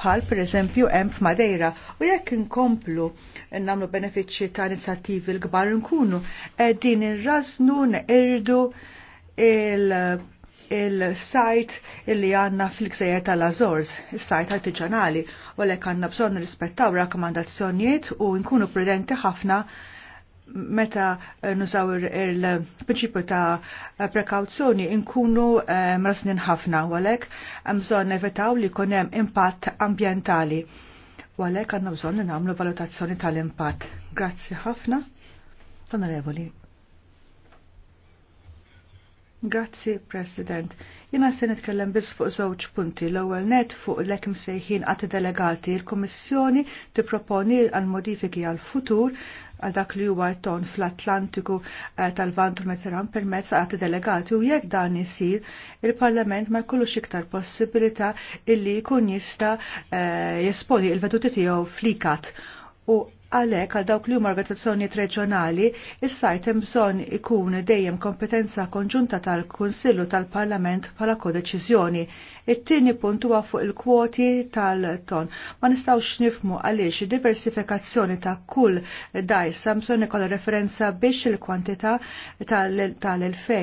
bħal pereżempju hemm f'Madeira u jekk inkomplu nagħmlu benefiċċji ta' inizjattivi l-kbar nkunu qegħdin irrażnu neqirdu il- il-sajt illi għanna fil-gżejjer tal azors il-sajt artiġanali, u għalek għanna bżon rispettaw rakkomandazzjonijiet u nkunu prudenti ħafna meta eh, nużaw il-prinċipju ta' prekawzjoni nkunu eh, mrasnin ħafna u għalek bżon nevetaw li kunem impatt ambientali. U għalek għanna bżon li namlu valutazzjoni tal-impatt. Grazzi ħafna. Onorevoli. Grazzi, President. Jena se nitkellem biss fuq żewġ punti. L-ewwel net fuq lek msejħin għat delegati il-Kummissjoni tipproponi għal modifiki għal futur għal dak li huwa ton fl-Atlantiku eh, tal-Vantu Mediterran permezz għat delegati u jekk dan isir il-Parlament ma jkollux iktar possibilità illi jkun jista' eh, jesponi il-veduti tiegħu flikat u Għalhekk għal dawk li huma organizzazzjonijiet reġjonali, is-sajt hemm bżonn ikun dejjem kompetenza konġunta tal-Kunsillu tal-Parlament bħala kodeċiżjoni It-tieni punt huwa fuq il-kwoti tal-ton. Ma nistgħux nifmu għaliex diversifikazzjoni ta' kull daj Samson ikolla referenza biex il-kwantità tal-2000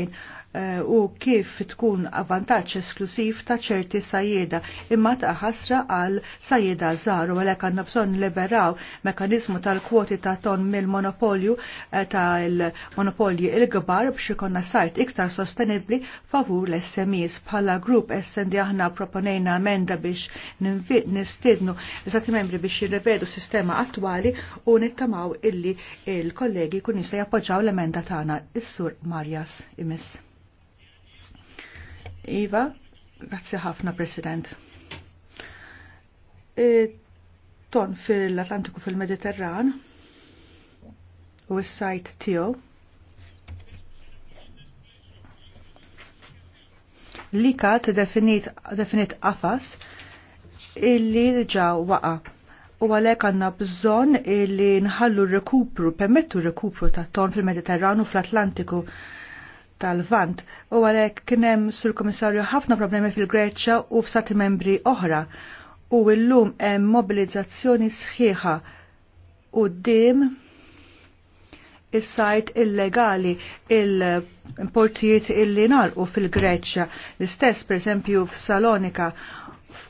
eh, u kif tkun avvantaġġ esklusiv ta' ċerti sajjeda imma ta' ħasra għal sajjeda żgħar u għalhekk għandna bżonn liberaw mekanizmu tal-kwoti ta' ton mill-monopolju eh, tal-monopolji il-kbar biex ikonna sajt iktar sostenibbli favur l-SMEs bħala grupp SND aħna proponejna amenda biex l eżati membri biex jirrevedu sistema attwali u nittamaw illi il-kollegi kun jista' jappoġġaw l-emenda tagħna is-sur Marjas Imis. Iva, grazzi ħafna President. E, ton fil-Atlantiku fil-Mediterran u s-sajt tiegħu li kat definit, definit qafas illi ġa waqa. U għalek għanna bżon illi nħallu rekupru, permettu rekupru ta' ton fil-Mediterranu fl-Atlantiku tal-Vant. U għalek kienem sur komissarju ħafna problemi fil-Greċa u f'sati membri oħra. U illum hemm mobilizzazzjoni sħiħa u d is-sajt illegali il-portijiet illi nalqu fil greċja L-istess pereżempju f'Salonika,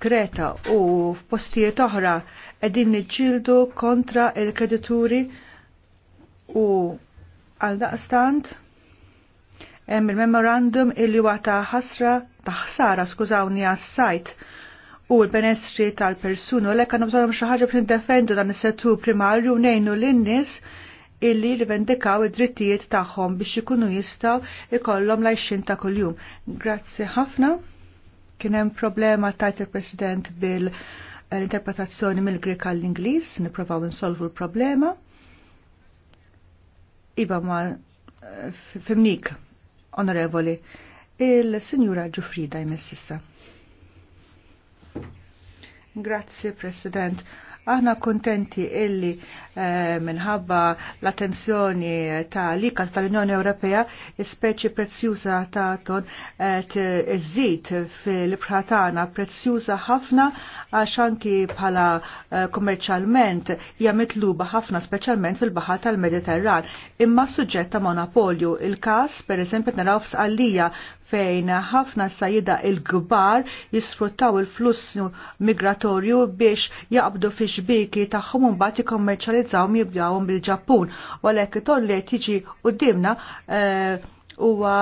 kreta u f'postijiet oħra qegħdin niġġieldu kontra il-kredituri u għal daqstant hemm il-memorandum illi huwa ta' ħasra ta' ħsara skużawni għas-sajt u l-benessri tal-persuna u lekk għandhom bżonn xi ħaġa biex nindefendu dan is-settur primarju ngħinu lin-nies illi rivendikaw id-drittijiet tagħhom biex ikunu jistgħu ikollhom lajxin ta' kuljum. Grazzi ħafna. Kien hemm problema tajt il-President bil l-interpretazzjoni mill-Grek għall-Ingliż, nipprovaw insolvu l-problema. Iba ma femnik, onorevoli, il-Sinjura Ġufrida jmessissa. Grazie, President. Aħna kontenti illi eh, minħabba l-attenzjoni ta' lika tal-Unjoni Ewropea, speċi prezzjuża ta' ton iżid fil-pratana prezzjuża ħafna għax anki bħala eh, kummerċjalment hija mitluba ħafna speċjalment fil-baħar tal-Mediterran. Imma suġġett ta' monopolju il-każ pereżempju naraw f'sqallija fejn ħafna sajida il-gbar jisfruttaw il-fluss migratorju biex jaqbdu fi xbiki tagħhom mbagħad jikkommerċjalizzaw jibjawhom bil-Ġappun. Walek tolli tiġi dimna eh, huwa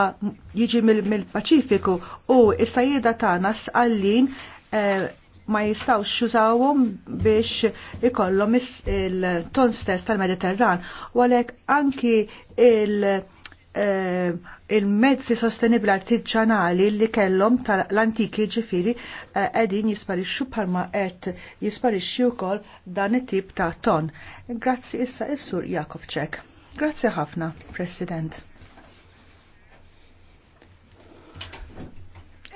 jiġi mill-Paċifiku u is-sajjida tagħna sqallin eh, ma jistawx jużawhom biex ikollhom il-ton stess tal-Mediterran. Walek anki il- Eh, il-mezzi sostenibli artiġanali li kellhom tal-antiki ġifiri eh, qegħdin jisparixxu bħalma qed jisparixxi wkoll dan it-tip ta' ton. Grazzi issa is-sur Jakob Ċek. Grazzi ħafna, President.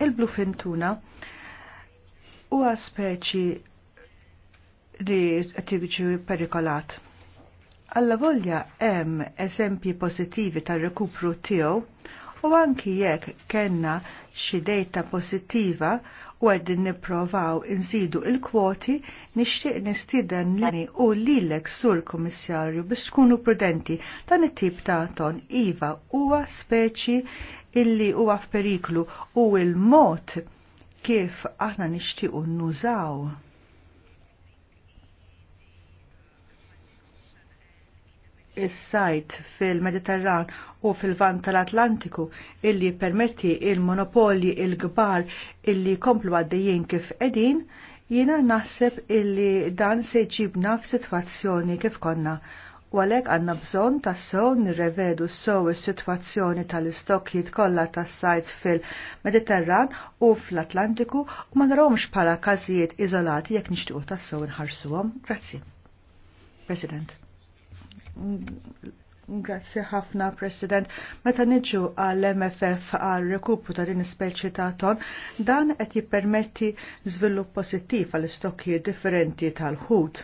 Il-bluefin tuna huwa speċi li t-tibġi perikolat Alla volja hemm eżempji pożittivi tar-rekupru tiegħu u anki jekk kenna xi dejta pożittiva u għeddin nipprovaw inżidu il-kwoti nixtieq nistiden l u lilek sur komissarju biex tkunu prudenti dan it-tip ta' ton iva huwa speċi illi huwa f'periklu u il-mod kif aħna nixtiequ nużaw is-sajt fil-Mediterran u fil vant tal-Atlantiku illi permetti il-monopoli il-gbar illi komplu għaddejjien kif edin, jina naħseb illi dan se jġibna f'sitwazzjoni kif konna. U għalek għanna bżon tassew nirrevedu sew is-sitwazzjoni tal-istokjiet kollha tas-sajt fil-Mediterran u fl-Atlantiku u ma narawhomx bħala każijiet iżolati jekk nixtiequ tassew nħarsuhom. Grazzi. President. Grazzi ħafna, President. Meta niġu għall-MFF għal rekupru ta' din ispeċi ta' ton, dan qed jippermetti żvilupp pożittiv għal istokki differenti tal-ħut.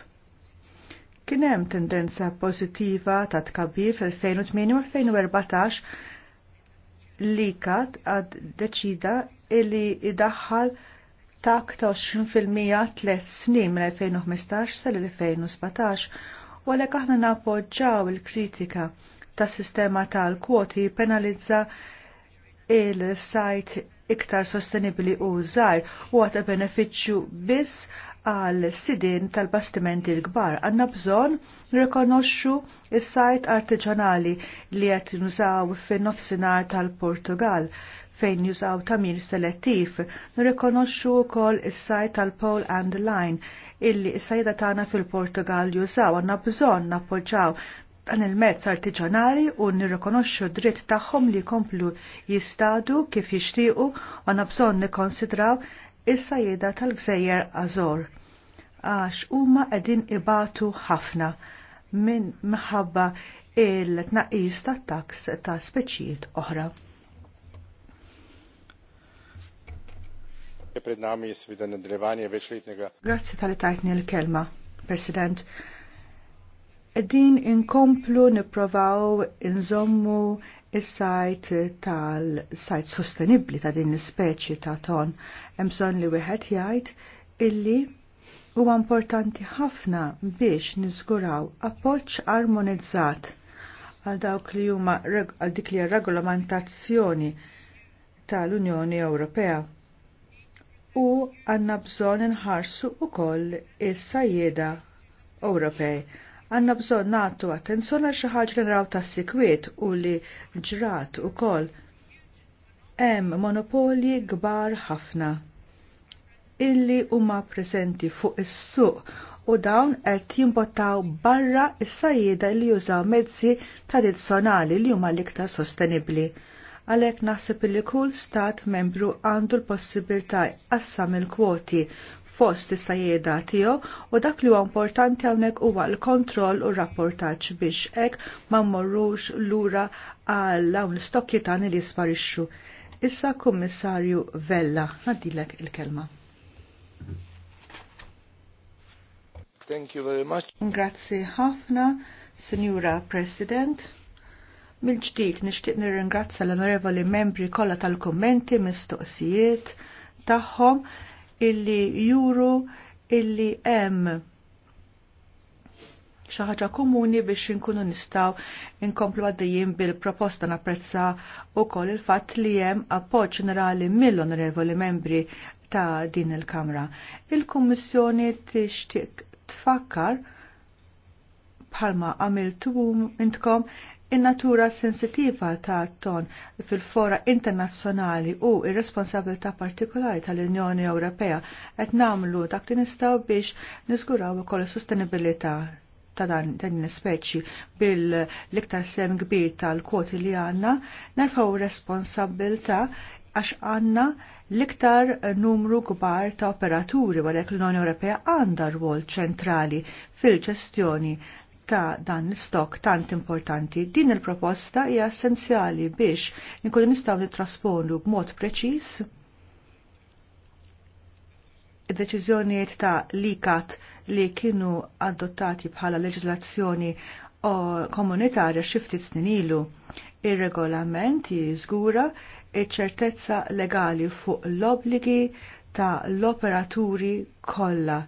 Kien hemm tendenza pożittiva ta' tkabbir fil-2008 u 2014 li kat għad deċida illi idaħħal ta' 20% tliet snin minn 2015 sal-2017 u aħna nappoġġaw il-kritika tas sistema tal-kwoti penalizza il-sajt iktar sostenibli u żgħar u għata benefiċċju biss għal sidin tal-bastimenti l-kbar. Għanna bżon rikonoxxu is-sajt artiġanali li qed nużaw fin-nofsinhar tal-Portugal fejn jużaw tamir selettiv, nirrikonoxxu wkoll is-sajt tal-Pole and Line illi s-sajda tagħna fil-Portugal jużaw għanna bżonn nappoġġaw dan il-mezz artiġanali u nirrikonoxxu dritt tagħhom li jkomplu jistadu kif jixtiequ u għandna bżonn nikkonsidraw is sajda tal-Gżejjer Azor għax huma qegħdin ibatu ħafna minn minħabba il-tnaqqis tat-taks ta' speċijiet oħra. Što pred nami je seveda nadaljevanje večletnega. Grazie tal tajtni l-kelma, President. Din inkomplu niprovaw inżommu is-sajt tal-sajt sostenibli ta' din l-speċi ta' ton. Emson li wieħed jgħid illi huwa importanti ħafna biex niżguraw appoġġ armonizzat għal dawk li huma għal dik li regolamentazzjoni tal-Unjoni Ewropea u għanna bżon nħarsu u koll is-sajjeda Ewropej. Għanna bżon natu attenzjoni għal xi ħaġa li naraw ta' sikwiet u li ġrat u koll. Hemm monopoli kbar ħafna illi huma preżenti fuq is-suq u dawn qed jimbottaw barra is sajjeda li jużaw mezzi tradizzjonali li huma l-iktar sostenibbli għalek naħseb li kull stat membru għandu l-possibilità qassam il-kwoti fost is-sajjeda tiegħu u dak li huwa importanti hawnhekk huwa l-kontroll u rapportaġġ biex hekk ma mmorrux lura għal dawn l-istokki tagħni li jisparixxu. Issa Kummissarju Vella, għaddilek il-kelma. Thank you very much. Grazie ħafna, Signora President. Mil-ġdid nixtieq nirringrazzja l-onorevoli membri kollha tal-kummenti mistoqsijiet tagħhom illi juru illi hemm xi ħaġa komuni biex inkunu nistgħu inkomplu għaddejjin bil-proposta napprezza wkoll il-fatt li hemm appoġġ ġenerali mill-onorevoli membri ta' din il-Kamra. Il-Kummissjoni tixtieq tfakkar bħalma għamiltu intkom in-natura sensitiva ta' ton fil-fora internazzjonali u ir-responsabilità partikolari tal-Unjoni Ewropea qed nagħmlu dak li nistgħu biex niżguraw ukoll is-sostenibilità ta' dan din speċi bil-iktar sem kbir tal-kwoti li għanna, nerfaw responsabilta għax għanna l-iktar numru kbar ta' operaturi għalek l-Unjoni Ewropea għandha rwol ċentrali fil-ġestjoni ta' dan l-stok tant importanti. Din il-proposta hija essenzjali biex nkunu nistgħu nittrasponu b'mod preċiż id-deċiżjonijiet ta' likat li kienu adottati bħala leġislazzjoni komunitarja ftit snin ilu. Ir-regolament jiżgura iċ-ċertezza legali fuq l-obligi ta' l-operaturi kollha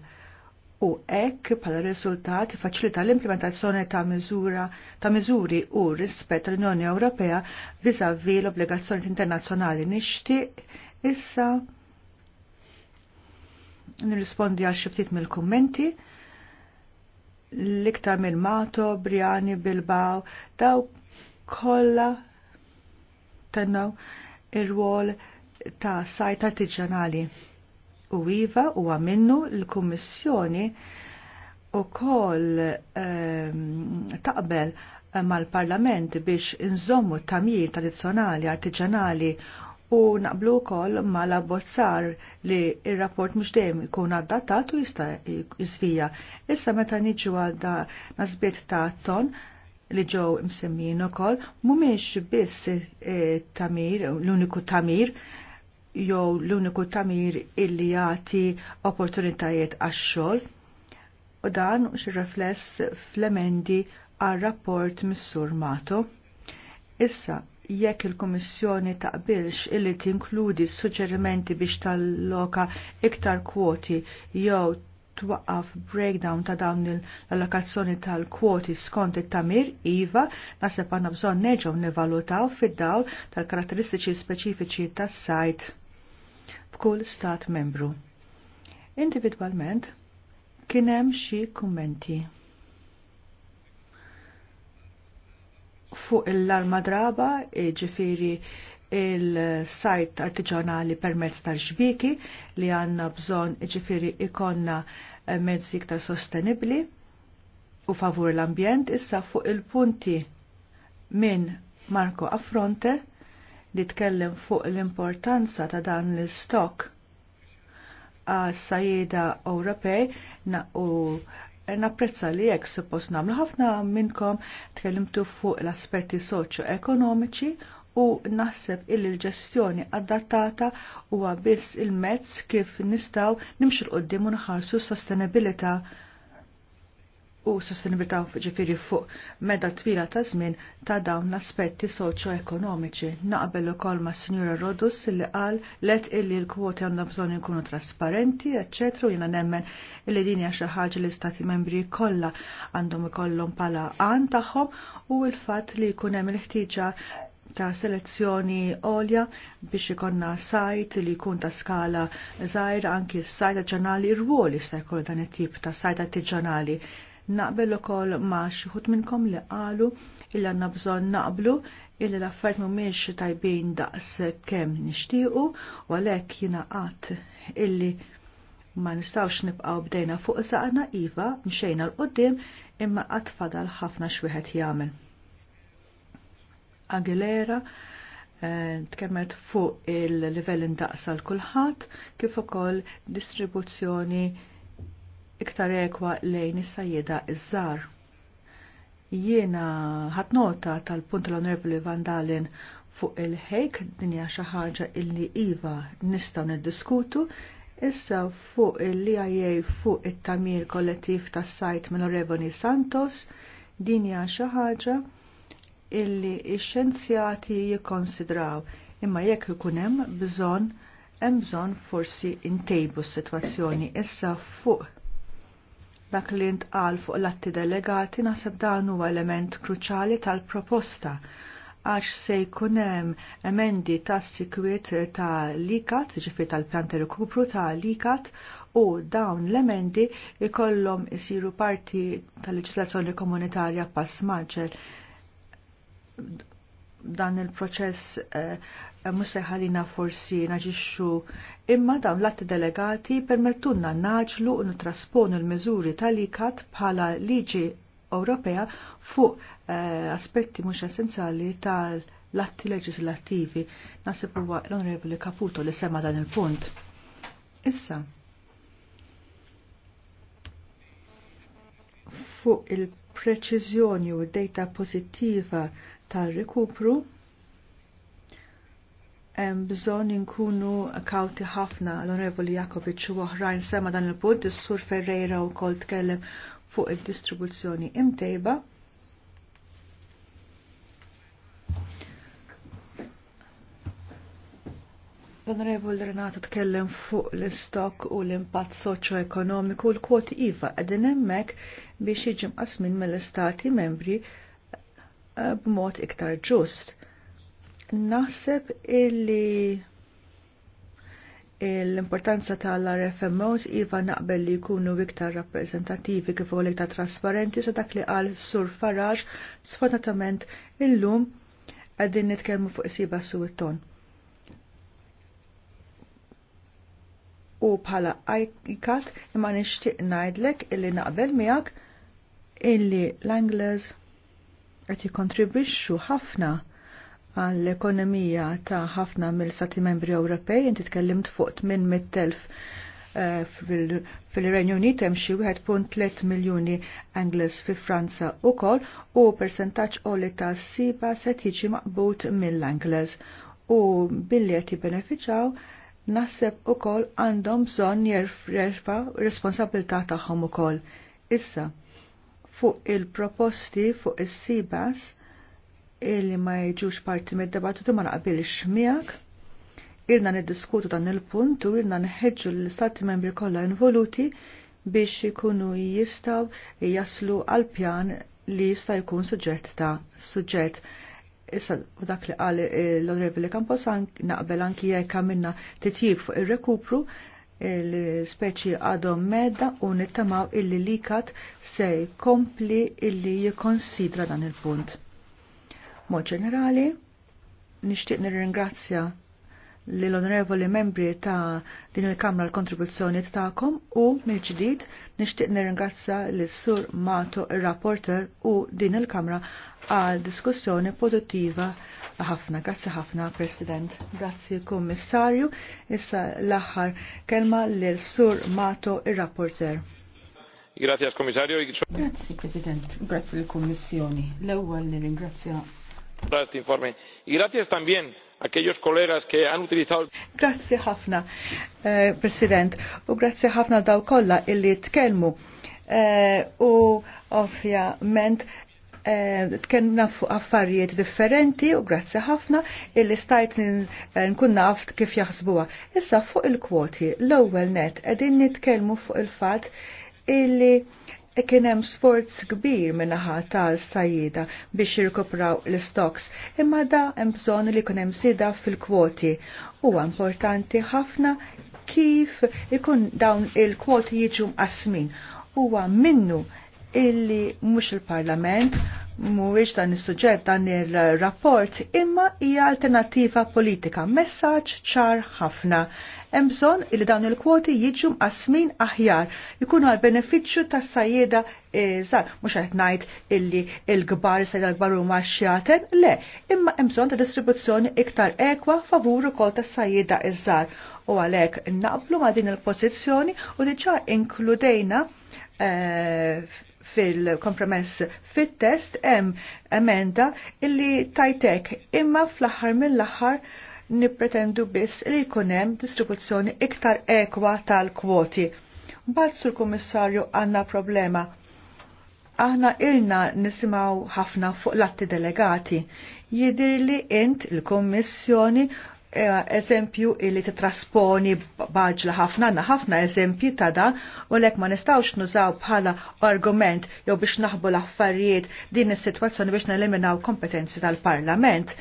u hekk bħala riżultat faċilita l-implementazzjoni ta' mizura ta' miżuri u rispett l-Unjoni Ewropea vis-à-vis l-obbligazzjoni internazzjonali nixtieq issa nirrispondi għal xi ftit mill-kummenti l-iktar minn Mato, Briani, Bilbao, daw kolla tennaw ir-rwol ta' sajt artiġjanali u iva u għaminnu l-Kummissjoni u koll ehm, taqbel eh, mal-Parlament biex inżommu tamir tradizzjonali, artiġanali u naqblu kol mal-abbozzar li il-rapport mux dejjem ikun għaddatat u jista' jisvija. Issa meta niġu għadda nasbiet ta' ton li ġew imsemmin ukoll mhumiex biss eh, tamir, l-uniku tamir, jew l-uniku tamir illi jagħti opportunitajiet għax-xogħol u dan xirrefless fl-emendi għal rapport mis-sur Mato. Issa, jekk il kummissjoni taqbilx illi tinkludi suġġerimenti biex talloka iktar kwoti jew twaqqaf breakdown ta' dawn l-allokazzjoni tal-kwoti skont it-tamir IVA naseb għandna bżonn neġgħu nevalutaw fid-dawl tal-karatteristiċi speċifiċi tas-sajt f'kull stat membru. Individwalment, kien hemm xi kummenti. Fuq il-larma draba, ġifiri il-sajt artiġanali permezz tal ġbiki li għanna bżon ġifiri ikonna eh, mezzi iktar sostenibli u favur l-ambjent issa fuq il-punti minn Marco Affronte li tkellem fuq l-importanza ta' dan l istok għas-sajjeda Ewropej u napprezza li jekk suppost nagħmlu ħafna minnkom tkellimtu fuq l-aspetti soċjo-ekonomiċi u naħseb illi l-ġestjoni adattata huwa biss il-mezz kif nistgħu nimxu l-qoddim u nħarsu s-sostenibilità u sostenibilità ġifiri fuq meda twila ta' żmien ta' dawn l-aspetti soċio ekonomiċi Naqbel ukoll ma' Sinjura Rodus li qal let illi l-kwoti għandna bżonn ikunu trasparenti, eċċetru, jiena nemmen illi din hija xi ħaġa li stati membri kollha għandhom ikollhom bħala għan tagħhom u l-fatt li jkun hemm il-ħtieġa ta' selezzjoni olja biex ikonna sajt li jkun ta' skala zaħir anki s-sajt artiġanali ir-ruoli sta' jkun dan it-tip ta' sajt artiġanali naqbel ukoll ma' xi minnkom li qalu illa għandna bżonn naqblu illa l-affarijiet mhumiex tajbin daqs kemm nixtiequ u għalhekk jiena illi ma nistawx nibqgħu bdejna fuq saqna iva mxejna l-qoddim imma qatt fadal ħafna xwieħed jagħmel. Aguilera eh, tkemmet fuq il-livell indaqsa l-kulħadd kif ukoll distribuzzjoni iktar ekwa lejn is-sajjeda iż-żar. Jiena ħadd nota tal-punt l-Onorevoli Van Dalen fuq il-ħejk dinja xi ħaġa illi iva nistgħu niddiskutu issa fuq il-LIA fuq it-tamir kollettiv tas-sajt minn Santos dinja xi ħaġa illi x-xjenzjati jikkonsidraw imma jekk ikun hemm bżonn hemm bżonn forsi intejbu s-sitwazzjoni issa fuq dak li ntqal fuq l-atti delegati naħseb dan huwa element kruċali tal-proposta għax se jkun hemm emendi tas sikwiet ta' likat, ġifi tal-pjanta rikupru ta' likat, u dawn l-emendi jkollhom isiru parti tal-leġislazzjoni komunitarja pass maġġel dan il-proċess eh, Eh, museħalina forsi naġixxu imma dawn l-atti delegati permettunna naġlu u trasponu l-miżuri tal-ikat bħala liġi Ewropea fuq eh, aspetti mhux essenzjali tal-atti leġislattivi. Nasib huwa l-Onorevoli Caputo li sema dan il-punt. Issa. Fuq il-preċiżjoni u d-dejta pożittiva tal-rekupru hemm bżonn inkunu kawti ħafna l-Onorevoli Jakovic u oħrajn sema dan il bud is-Sur Ferreira u wkoll tkellem fuq id-distribuzzjoni imtejba. l onorevoli Renato tkellem fuq l-istok u l-impatt soċo-ekonomiku l-kwoti IVA għedin emmek biex iġim qasmin mill-istati membri eh, b'mod iktar ġust. Naħseb illi l-importanza tal-RFMOs iva naqbel li jkunu iktar rappresentativi kif ukoll iktar trasparenti sa dak li qal Sur Faraġ sfortunatament illum qegħdin nitkellmu fuq siba ton. U bħala ajkat imma nixtieq ngħidlek illi naqbel miegħek illi l-Anglers qed jikkontribwixxu ħafna għall-ekonomija ta' ħafna mill-Stati Membri Ewropej, inti tkellimt fuq minn mit-telf eh, fil-Renju Unit hemm xi 1.3 miljuni Angles fi Franza wkoll u persentaġġ qoli ta' siba se tiġi maqbut mill-Angles u billi qed jibbenefiċaw naħseb ukoll għandhom bżonn jerfa responsabilità tagħhom ukoll. Issa, fuq il-proposti fuq is-sibas il illi ma jiġux parti mid-debattu ma naqbilx miegħek. Ilna niddiskutu dan il-punt u ilna nħedġu l-istati membri kollha involuti biex ikunu jistaw jaslu għal pjan li jista' jkun suġġett ta' suġġett. Issa dak li qal l-Onorevoli Camposan naqbel anki jekk għamilna titjib fuq ir-rekupru l-speċi għadhom medda u nittamaw illi likat se jkompli illi jikonsidra dan il-punt. Mod ġenerali, nixtieq nirringrazzja l-onorevoli membri ta' din il-Kamra l-kontribuzzjoni ta'kom u mill-ġdid nixtieq nirringrazzja l-Sur Mato il-rapporter u din il-Kamra għal diskussjoni produttiva ħafna. Grazzi ħafna, President. Grazzi, Kommissarju. Issa l-aħħar kelma l-Sur Mato il-rapporter. Grazie, Kommissarju. Grazzi, President. Grazzi l-Kommissjoni. L-ewwel nirringrazzja este informe. Y gracias también a aquellos colegas que han utilizado. Grazie ħafna, eh, President, u grazie ħafna daw kolla illi tkellmu. Eh, u ovvjament eh, tkellmna fuq affarijiet differenti u grazzi ħafna illi stajt eh, nkun naft kif jaħsbuha. Issa fuq il-kwoti, l-ewwel net qegħdin nitkellmu fuq il-fatt illi e kien hemm sforz kbir min-naħa tal-sajjida biex jirkupraw l-istoks, imma da hemm bżonn li jkun hemm sida fil-kwoti. Huwa importanti ħafna kif ikun dawn il-kwoti jiġu mqasmin. Huwa minnu illi mhux il-Parlament mhuwiex dan is-suġġett dan ir-rapport imma hija alternattiva politika, messaġġ ċar ħafna. Hemm bżonn li dawn il-kwoti jiġu mqasmin aħjar, jkunu għal benefiċċju tas-sajjeda e, żgħar, mhux qed ngħid illi l-kbar sajjeda l-kbar huma xjaten, le, imma hemm bżonn ta' distribuzzjoni iktar ekwa favur ukoll tas-sajjeda iż-żgħar. U għalhekk naqblu ma' din il-pożizzjoni u diġà inkludejna e, fil-kompromess fit-test hemm emenda illi tajtek imma fl-aħħar mill-aħħar nippretendu biss li jkun hemm distribuzzjoni iktar ekwa tal-kwoti. Mbagħad sur kummissarju għandna problema. Aħna ilna nisimaw ħafna fuq l-atti delegati. Jidir li int il-Kommissjoni E, eżempju li titrasponi baġla ħafna, għanna ħafna eżempji ta' dan, u lek ma nistawx nużaw bħala argument jew biex naħbu l-affarijiet din is-sitwazzjoni biex neliminaw kompetenzi tal-Parlament.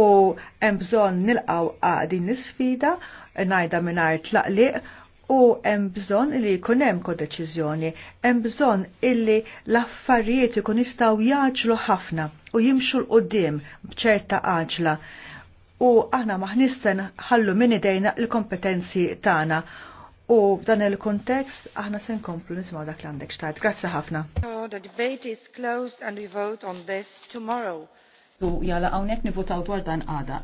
U hemm bżonn nilqaw din is-sfida, ngħidha mingħajr tlaqliq, u hemm bżonn li jkun hemm kodeċiżjoni, hemm bżonn illi l-affarijiet ikun jistgħu jaġlu ħafna u jimxu l-qudiem b'ċerta għaġla u aħna maħnisten ħallu minn idejna l kompetenzi tagħna. U dan il-kontekst aħna sen komplu nisimaw dak l għandek xtajt. Grazie ħafna. The debate is closed and we vote on this tomorrow. U jala għawnek nivotaw dwar dan għada.